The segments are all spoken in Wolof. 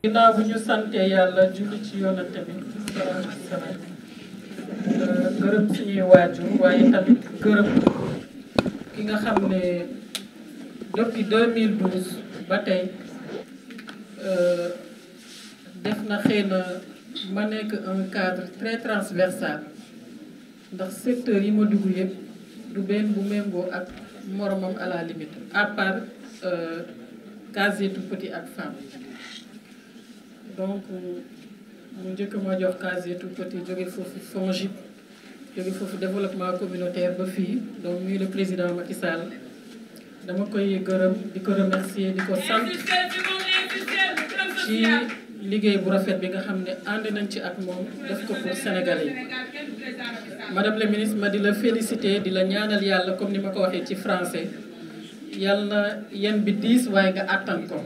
ginnaaw bu ñu santee yàlla julli ci yoonam tamit salaatu salaam gërëm waajur waaye tamit gërëm ki nga xam ne depuis 2012 ba tey euh, def na xëy ma nekk un cadre très transversal ndax secteur yi ma dugg yëpp du benn bu méngoo ak moromam à la limite à part casier euh, ak femme donc euh, mu njëkk ma jox casier tout petit jóge foofu FONGIP jóge foofu développement communautaire ba fii donc muy le président Macky Sall dama koy gërëm di ko remercier di ko sant ci liggéey bu rafet bi nga xam ne ànd nañ ci ak moom def ko pour Sénégalais yi madame la ministre ma di la féliciter di la ñaanal yàlla comme ni ma ko waxee ci français yàlla na yen bi diis waaye nga àttan ko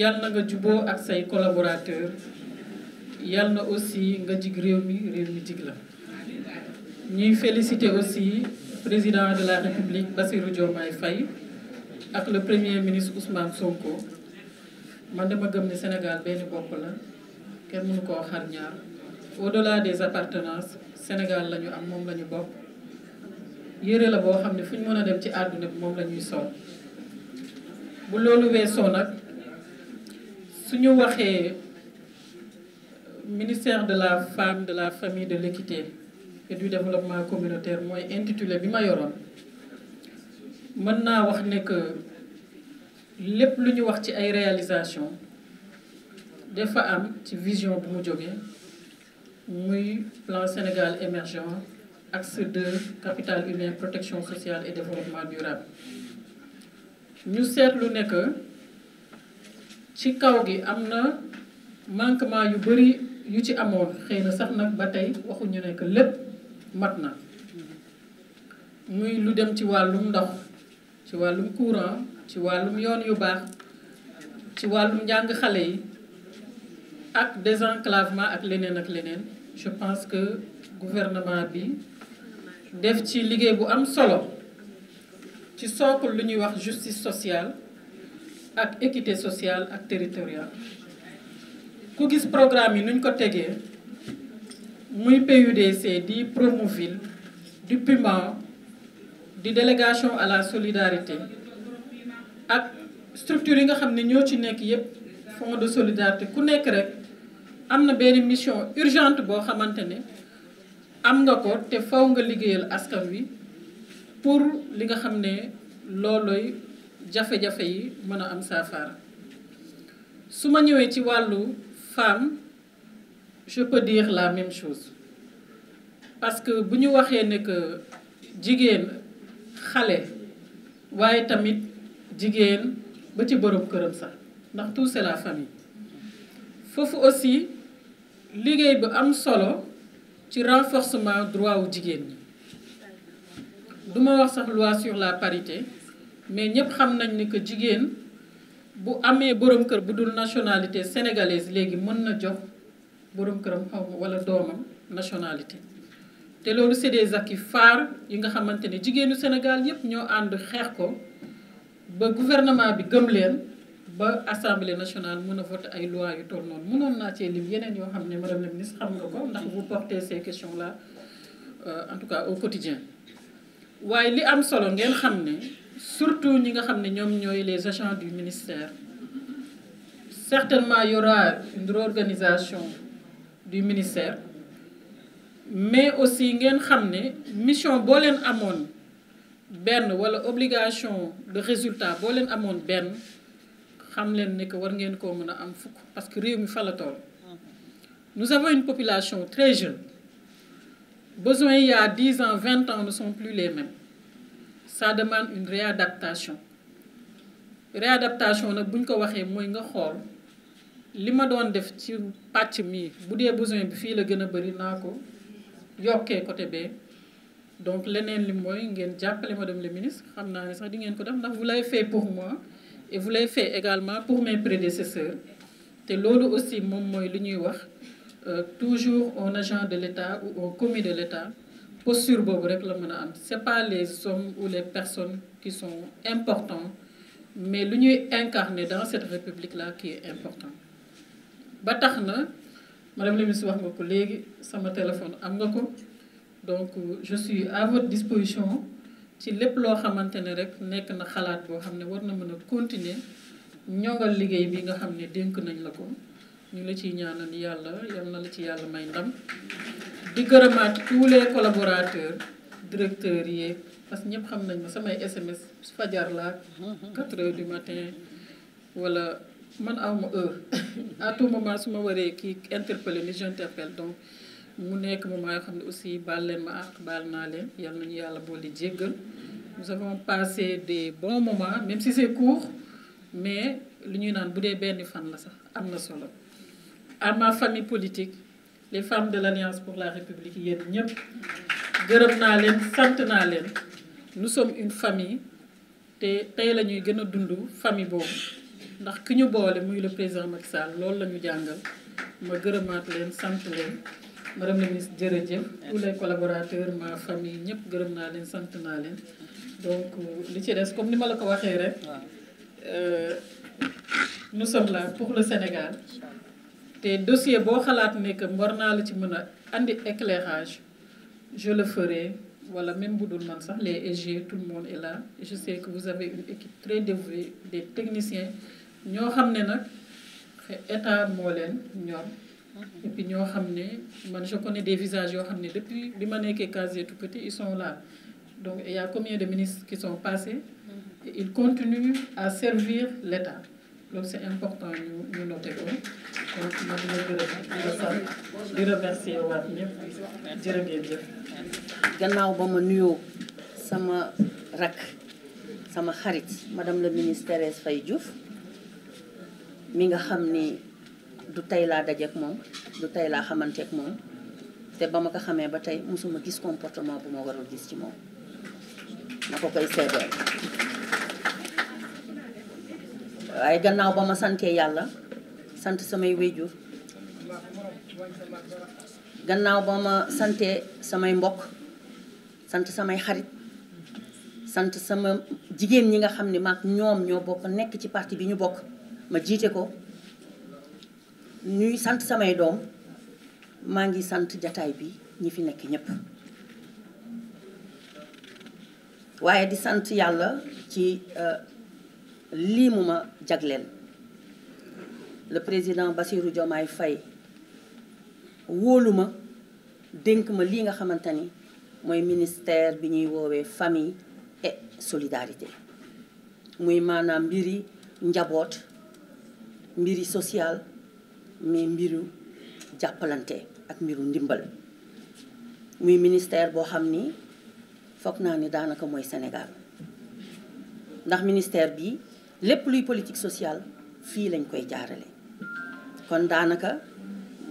yàlla na nga juboo ak say collaborateur yal na aussi nga jig réew mi réew mi jig la ñuy féliciter aussi président de la république Bassirou Diomaye Faye ak le premier ministre Ousmane Sonko man dama gëm ne Sénégal benn bopp la kenn mënu koo xar ñaar au-delà des appartenances Sénégal la ñu am moom la ñu bokk yére la boo xam ne fu ñu mën a dem ci àdduna bi moom la ñuy sol bu loolu weesoo nag suñu waxee ministère de la femme de la famille de l'équité et du développement communautaire mooy intitulé bi ma yoroon mën naa wax ne que lépp lu ñu wax ci ay réalisation dafa am ci vision bu mu jógee muy plan Sénégal émergent axe 2 capital humain protection sociale et développement durable ñu seetlu ne que ci kaw gi am na manquement yu bëri yu ci amoon xëy na sax nag ba tey waxuñu ne lépp mat na muy lu dem ci wàllum ndox ci wàllum courant ci wàllum yoon yu baax ci wàllum njàng xale yi ak désenclavement ak leneen ak leneen je pense que gouvernement bi def ci liggéey bu am solo ci sookul lu ñuy wax justice sociale ak équité sociale ak territoriale ku gis programme yi nuñ ko tegee muy PUDC di Promoville du PUMA di délégation à la solidarité ak structure yi nga xam ne ñoo ci nekk yépp fonds de solidarité ku nekk rek am na benn mission urgente boo xamante ne am nga ko te faw nga liggéeyal askan wi pour li nga xam ne loolooy jafe-jafe yi mën a am saafara su ma ñëwee ci wàllu femme je peu dire la même chose parce que bu ñu waxee ne que jigéen xale waaye tamit jigéen ba ci borom këram sax ndax tout c'est la famille foofu aussi liggéey bu am solo ci renforcement droit wu jigéen ñi duma wax sax loi sur la parité mais ñëpp xam nañ ni que jigéen bu amee borom kër bu dul nationalité sénégalaise léegi mën na jox borom këram xaw ma wala doomam nationalité. te loolu c'est des acquis phares yi nga xamante ne jigéenu Sénégal yëpp ñoo ànd xeex ko ba gouvernement bi gëm leen. ba assemblée nationale mën a voter ay loi yu toll noonu mënoon naa cee lim yeneen yoo xam ne madame la ministre xam nga ko ndax vous portez ces questions là euh, en tout cas au quotidien waaye li am solo ngeen xam ne surtout ñi nga xam ne ñoom ñooy les agents du ministère certainement y aura organisation réorganisation du ministère mais aussi ngeen xam ne mission boo leen amoon benn wala obligation de résultat boo leen amoon benn xam leen ne que war ngeen koo mën a am fukk parce que réew mi fa la tool nous avons une population très jeune besoins il y a 10 ans 20 ans ne sont plus les mêmes ça demande une réadaptation réadaptation nag buñ ko waxee mooy nga xool li ma doon def ci pàcc mi bu dee besoin bi fii la gën a bëri naa ko yokkee côté bee donc leneen li mooy ngeen jàppale madame le ministre xam naa ne sax di ngeen ko def ndax vous l'avez fait pour moi et vous l'avez fait également pour mes prédécesseurs te loolu aussi moom mooy lu ñuy wax euh, toujours un agent de l'État ou un commis de l'État posture boobu rek la mën a am c'est pas les hommes ou les personnes qui son importants mais lu ñuy incarner dans cette république là qui est important ba tax na madame la ministre wax nga ko léegi sama téléphone am nga ko donc euh, je suis à votre disposition ci lépp loo xamante ne rek nekk na xalaat boo xam ne war na mën a continuer ñongal liggéey bi nga xam ne dénk nañ la ko ñu la ciy ñaanal yàlla yal na la ci yàlla may ndam di gërëmaat tous les directeur directeurs yi parce que ñëpp xam nañ ma samay SMS fajar laa 4 heures du matin wala man awma heure à tout moment su ma waree kii interpellé ni j'interpelle donc mu nekk moment yoo xam ne aussi baal leen ma àq baal naa leen yal nañu yàlla boole jéggal nous avons passé des bons moments même si c'est mais lu ñuy naan bu dee benn fan la sax am na solo à ma famille politique les femmes de l'Alliance pour la République yéen ñëpp gërëm naa leen sant naa leen nous sommes une famille te tey la ñuy gën a dund famille boobu ndax ki ñu boole muy le président Macky Sall loolu la ñu jàngal ma gërëmaat leen sant leen madame la ministre jërëjëf tous les collaborateurs ma famille ñëpp gërëm naa leen sant naa leen donc euh, li ci des comme ni ma la ko waxee rek euh, nous sommes là pour le Sénégal te dossier boo xalaat ne que war la ci mën a andi éclairage je le ferai wala même bu dul man sax les SG tout le monde est là et que vous avez une équipe très dévouée des technicien ñoo xam ne nag état moo leen ñor Mm-hmm. et puis ñoo xam ne man je connais des visages yoo xam ne depuis bi ma nekkee casier tout petit ils sont là donc il combien de ministres qui sont passés mm-hmm. et ils à servir l'État donc c'est important ñu ñu noter ko donc ma dina gannaaw ba ma nuyoo sama rakk sama xarit madame la ministre Thérèse Faye mi nga xam ni du tey laa dajeek moom du tey laa xamanteek moom te ba ma ko xamee ba tey mosuma gis comportement bu ma warul gis ci moom na ko koy seedeel waaye gannaaw ba ma santee yàlla sant samay wéjur gannaaw ba ma santee samay mbokk sant samay xarit sant sama jigéen ñi nga xam ne maag ñoom ñoo bokk nekk ci parti bi ñu bokk ma jiite ko ñuy sant samay doom maa ngi sant jataay bi ñi fi nekk ñépp waaye di sant yàlla ci euh, lii mu ma jagleel le président Bassirou Diomaye fay wóolu ma dénk ma lii nga xamante ni mooy ministère bi ñuy woowee famille et solidarité muy maanaam mbiri njaboot mbiri social mais mbiru jàppalante ak mbiru ndimbal muy ministère boo xam ni foog naa ni daanaka mooy Sénégal ndax ministère bi lépp luy politique social fii lañ koy jaarale kon daanaka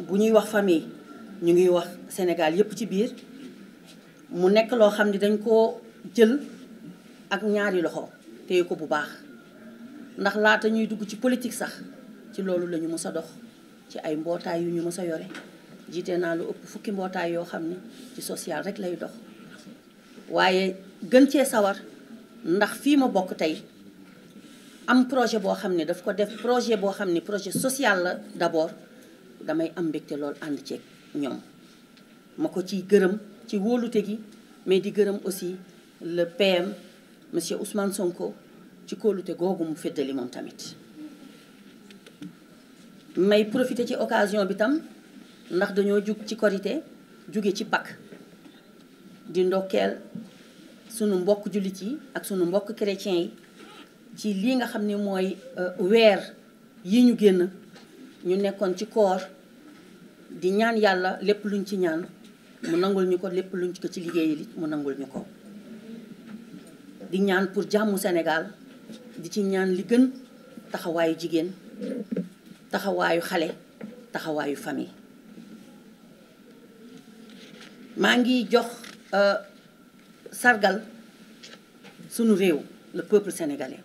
bu ñuy wax famille ñu ngi wax Sénégal yépp ci biir mu nekk loo xam ni dañ koo jël ak ñaari loxo téye ko bu baax ndax laata ñuy dugg ci politique sax ci loolu lañu ñu mës a dox ci ay mbootaay yu ñu ma sa yore jiite naa lu ëpp fukki mbootaay yoo xam ni ci social rek lay dox waaye gën cee sawar ndax fii ma bokk tey am projet boo xam ne daf ko def projet boo xam ne projet social la d'abord damay am mbégte lool ànd ceeg ñoom ma ko ciy gërëm ci wóolute gi mais di gërëm aussi le PM monsieur Ousmane Sonko ci kóolute googu mu féddali moom tamit may profité ci occasion bi tam ndax dañoo jug ci korité jóge ci Pâques di ndokkeel sunu mbokk jullit yi ak sunu mbokk chrétien yi ci lii nga xam ne mooy euh, weer yi ñu génn ñu nekkoon ci koor di ñaan yàlla lépp luñ ci ñaan mu nangul ñu ko lépp luñ ko ci liggéey li mu nangul ñu ko di ñaan pour jàmmu Sénégal di ci ñaan li gën taxawaayu jigéen taxawaayu xale taxawaayu famille maa ngi jox euh, sargal sunu réew le peuple sénégalais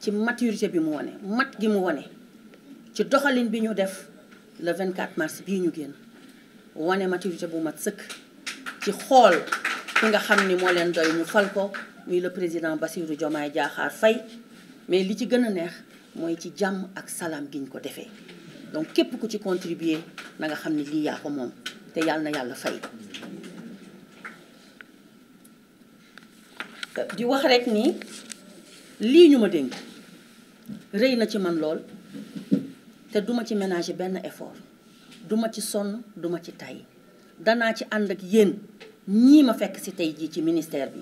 ci maturité bi mu wone mat gi mu wone ci doxalin bi ñu def le 24 mars bii ñu génn wane maturité bu mat sëkk ci xool ki nga xam ni moo leen doy ñu fal ko muy le président Bassirou Diomaye jaaxaar Faye mais li ci gën a neex mooy ci jàmm ak salaam gi ñu ko defee donc képp ku ci contribuer na nga xam ne lii yaa ko moom te yàlla na yàlla fay di wax rek ni lii ñu ma dénk rëy na ci man lool te duma ci ménager benn effort duma ci sonn duma ci tay danaa ci ànd ak yéen ñii ma fekk ci tey jii ci ministère bi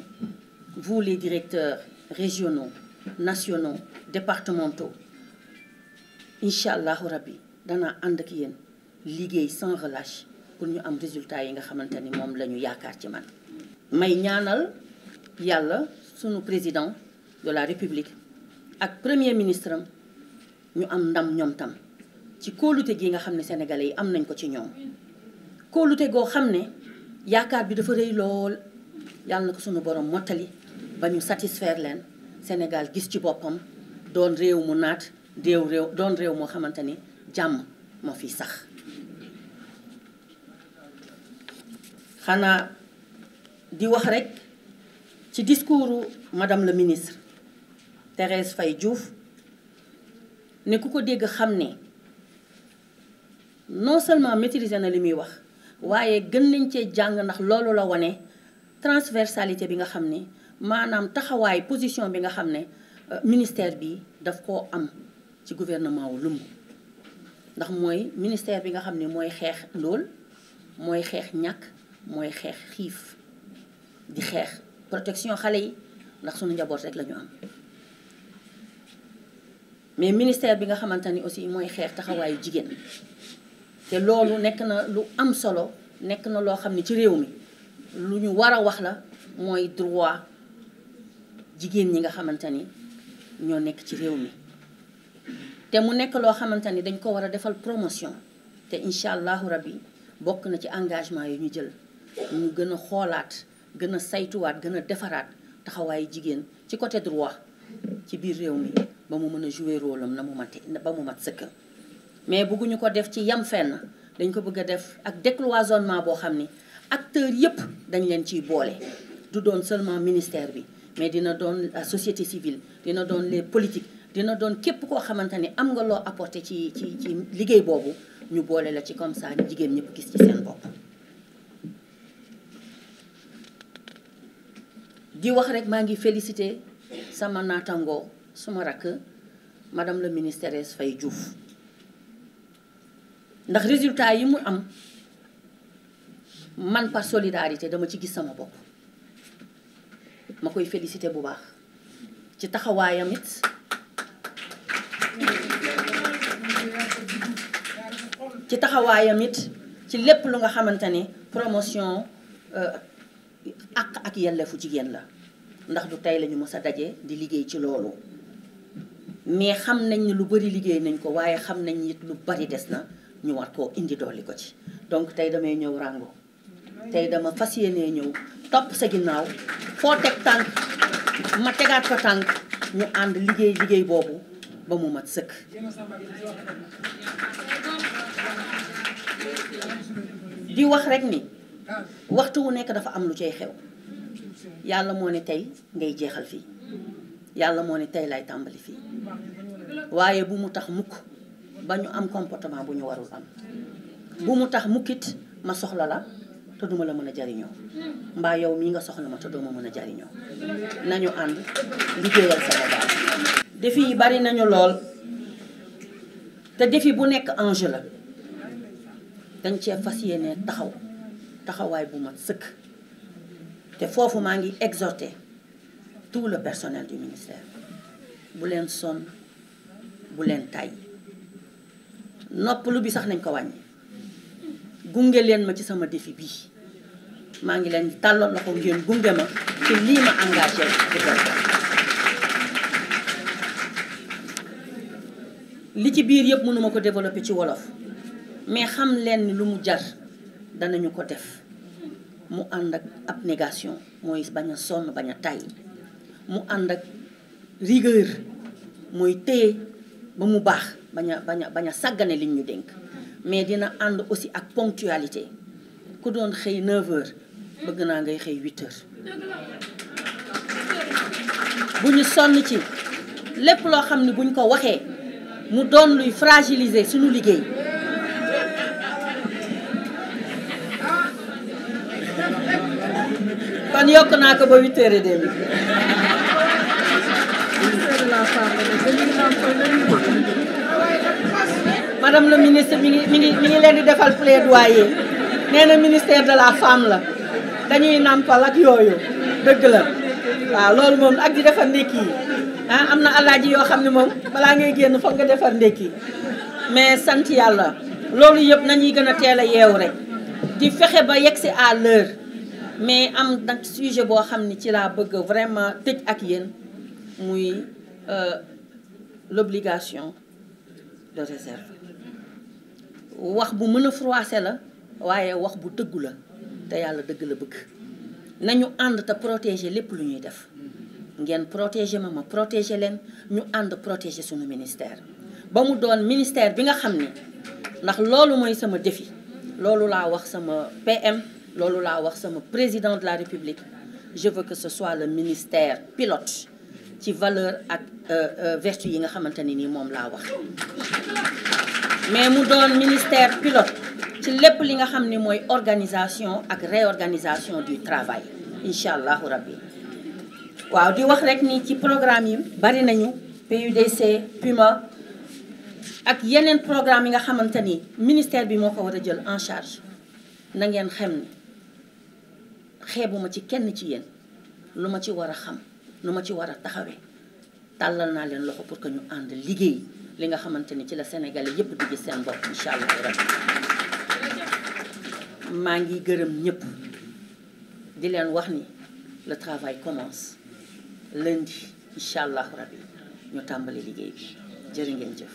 vous les directeurs régionaux nationaux départementaux incha allahu rabbi danaa ànd ak yéen liggéey sans relage pour ñu am résultat yi nga xamante ni moom la ñu yaakaar ci man. may ñaanal yàlla sunu président de la république ak premier ministre am ñu am ndam ñoom tam ci kóolute gi nga xam ne sénégalais yi am nañ ko ci ñoom kóolute goo xam ne yaakaar bi dafa rëy lool yàlla na ko suñu borom mottali ba ñu satisfaire leen Sénégal gis ci boppam doon réew mu naat. déw réew doon réew moo xamante ni jàmm moo fi sax xanaa di wax rek ci discoursu madame la ministre Thérèse Faye Diouf ne ku ko dégg xam ne non seulement maîtriser na li muy wax waaye gën nañ cee jàng ndax loolu la wane transversalité bi nga xam ne maanaam taxawaay position bi nga xam ne euh, ministère bi daf koo am ci gouvernement wu lumb ndax mooy ministère bi nga xam ni mooy xeex lool mooy xeex ñàkk mooy xeex xiif di xeex protection xale yi ndax suñu njaboot rek la ñu am mais ministère bi nga xamante ni aussi mooy xeex taxawaayu jigéen te loolu nekk na lu am solo nekk na loo xam ne ci réew mi lu ñu war a wax la mooy droit jigéen ñi nga xamante ni ñoo nekk ci réew mi te mu nekk loo xamante ni dañ ko war a defal promotion te incha allahu rabbi bokk na ci engagement yi ñu jël ñu gën a xoolaat gën a saytuwaat gën a defaraat taxawaayu jigéen ci côté droit ci biir réew mi ba mu mën a jouer rôle am na mu mate ba mu mat sëkk mais bëgguñu ko def ci yam fenn dañ ko bëgg a def ak décloisonnement boo xam ni acteur yépp dañ leen ciy boole du doon seulement ministère bi mais dina doon la société civile dina doon les politiques dina doon képp koo xamante ni am nga loo apporté ci ci ci liggéey boobu ñu boole la ci comme ça jigéen ñëpp gis ci seen bopp. di wax rek maa ngi félicité sama naataango suma rakk madame la ministère Faye Diouf ndax résultat yi mu am man par solidarité dama ci gis sama bopp ma koy félicité bu baax ci taxawaayam it. ci taxawaayam it ci lépp lu nga xamante ne promotion ak euh, ak yelleefu jigéen la ndax lu tey lañu mës a daje di liggéey ci loolu mais xam nañ ni lu bari liggéey nañ ko waaye xam nañ it lu bari des na ñu war koo indi dolli ko ci donc tey damay ñëw Rango tey dama fas yéenee ñëw topp sa ginnaaw foo teg tànk ma tegaat ko tànk ñu ànd liggéey liggéey boobu ba mu mat sëkk di wax rek ni waxtu wu nekk dafa am lu cay xew yàlla moo ne tey ngay jeexal fii yàlla moo ne tey lay tàmbali fii waaye bu mu tax mukk ba ñu am comportement bu ñu warul am bu mu tax mukkit ma soxla la te duma la mën a jariñoo mbaa yow mii nga soxla ma te duma mën a jariñoo nañu ànd liggéeyal Sénégal defi yi bari nañu lool te défi bu nekk enjeu la dañ ceeb fas yéene taxaw taxawaay bu mat sëkk te foofu maa ngi exhorter tout le personnel du ministère bu leen sonn bu leen tàyyi noppalu bi sax nañ ko wàññi gunge leen ma ci sama defi bii maa ngi leen tàllal loxo ngeen gunge ma ci lii ma engagé di li ci biir yëpp mënuma ko développer ci wolof mais xam leen lu mu jar danañu ko def mu ànd ak négation mooy bañ a sonn bañ a tàyyi mu ànd ak rigueur mooy téye ba mu baax bañ a bañ bañ a sàggane liñ ñu dénk mais dina ànd aussi ak ponctualité ku doon xëy 9 bëgg naa ngay xëy 8h bu ñu sonn ci lépp loo xam ne buñ ko waxee mu doon luy fragiliser suñu liggéey kon yokk naa ko ba huit heures et demie la ministre mi ngi mi ngi mi ngi leen di defal plaidoyer nee na ministère de la femme la dañuy nampal ak yooyu dëgg la waaw loolu moom ak di defal ndékki yi ah am na alaaji yoo xam ne moom balaa ngay génn foog nga defar ndékki mais sant yàlla loolu yëpp nañuy gën a teel a yeewu rek di fexe ba yegg si à l'heure mais am nag sujet boo xam ni ci laa bëgg vraiment tëj ak yéen muy euh, l'obligation de réserve wax bu mën a froissé la waaye wax bu dëggu la te yàlla dëgg la bëgg nañu ànd te protéger lépp lu ñuy def ngeen protéger ma ma protéger leen ñu ànd protéger suñu ministère. ba mu doon ministère bi nga xam ne ndax loolu mooy sama défi loolu laa wax sama PM loolu laa wax sama président de la République je veux que ce soit le ministère pilote ci valeur ak euh, euh, vertu yi nga xamante ne ni moom laa wax. mais mu doon ministère pilote ci lépp li nga xam ni mooy organisation ak réorganisation du travail incha allahu rabbi waaw di wax rek ni ci programme yi bari nañu PUDC PUMA ak yeneen programme yi nga xamante ni ministère bi moo ko war a jël en charge na ngeen xam ne xeebuma ci kenn ci yéen lu ma ci war a xam lu ma ci war a taxawee tàllal naa leen loxo pour que ñu ànd liggéey li nga xamante ni ci la Sénégalais yépp di gis seen bopp incha allah rabbi maa ngi gërëm ñëpp di leen wax ni le travail commence lundi incha allahu rabbi ñu tàmbali liggéey bi jërë ngeen jëf.